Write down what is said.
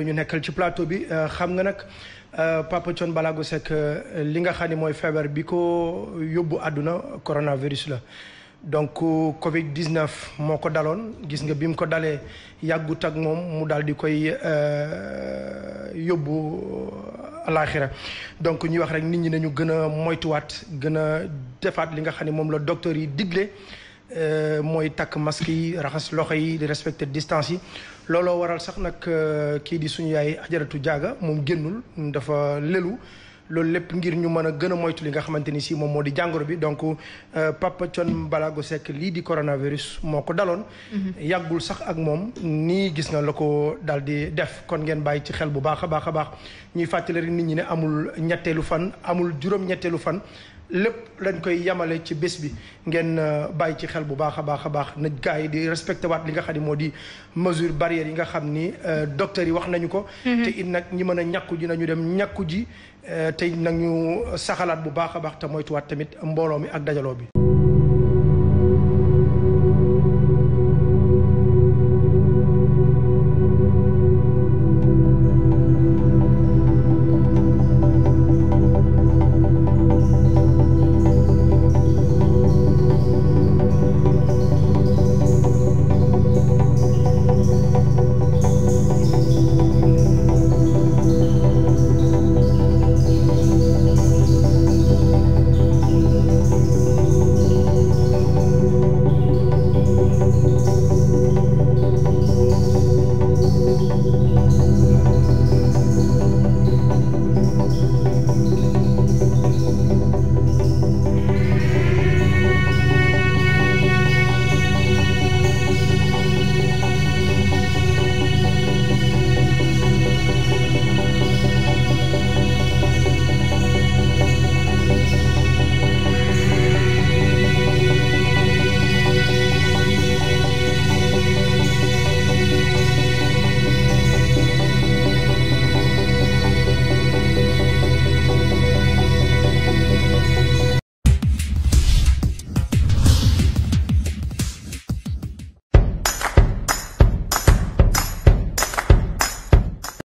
lu ñu nekkal ci plateau bi euh, xam nga nag euh, Papa Thione Balago Seck euh, li nga xam ne mooy feebar bi ko yóbbu àdduna coronavirus la donc Covid 19 moo ko daloon gis nga bi mu ko dalee yàggut ak moom mu daal di koy yóbbu alaaxira donc ñuy wax rek nit ñi nañu gën a moytuwaat gën a defaat li nga xam ne moom la docteur yi digle. Euh, mooy takk masque yi raxas loxo yi di respecter distance yi looloo waral sax nag euh, kii di suñu yaay ajaratu jaaga moom génnul dafa lelu loolu lépp ngir ñu mën a gën a moytu li nga xamante ni si moom moo di jàngoro bi donc euh, Papa Thione Balago Seck lii di coronavirus moo ko daloon. Mm-hmm. yàggul sax ak moom nii gis nga la ko daal di def kon ngeen bàyyi ci xel bu baax a baax a baax ñuy fàttali rek nit ñi ne amul ñetteelu fan amul juróom-ñetteelu fan. lépp lañ koy yamale ci bés bi ngeen euh, bàyyi ci xel bu baax a baax a baax na gars yi di respecté waat li nga xam ne moo di mesure barrière yi nga xam ni euh, docteur yi wax nañu ko mm-hmm. te it nag ñi mën a ñàkku ji nañu dem ñàkku ji euh, te nag ñu saxalaat bu baax a baax te moytuwaat tamit mbooloo mi ak dajaloo bi